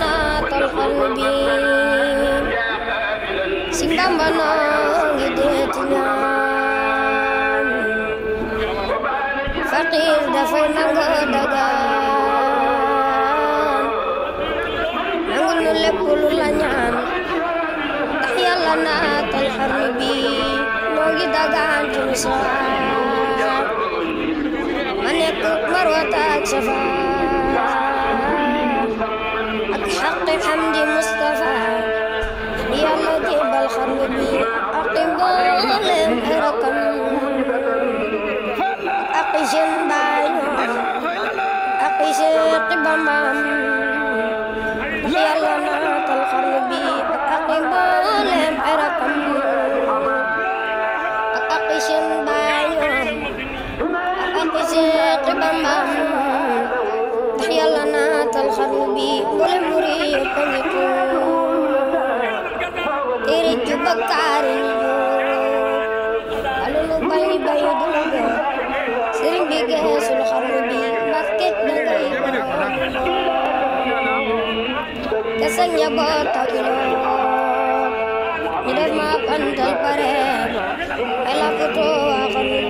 naat alxalbi si Bamba noo ngi deet ñaan faqiir dafay nangu dagaan nangul nu lépp lu la ñaan ndax naat alxalbi noo ngi dagaan ci misaal ma nekk marwata ak أقم حمدي مصطفى يا الذي بالخم بي أقم ظلم رقم أقشن بايو أقش قبمام يا لنا الخم بي أقم ظلم رقم أقشن بايو أقش قبمام يا لنا الخم بي ولم yu bañatu tere ju bakkaar yi wala lu bayi bayu du la gën sëriñ bi geesul xam bi Mbàkke da ngay baax te sa njaboot ak ñu def ma pantal pare ay la ko too waxoon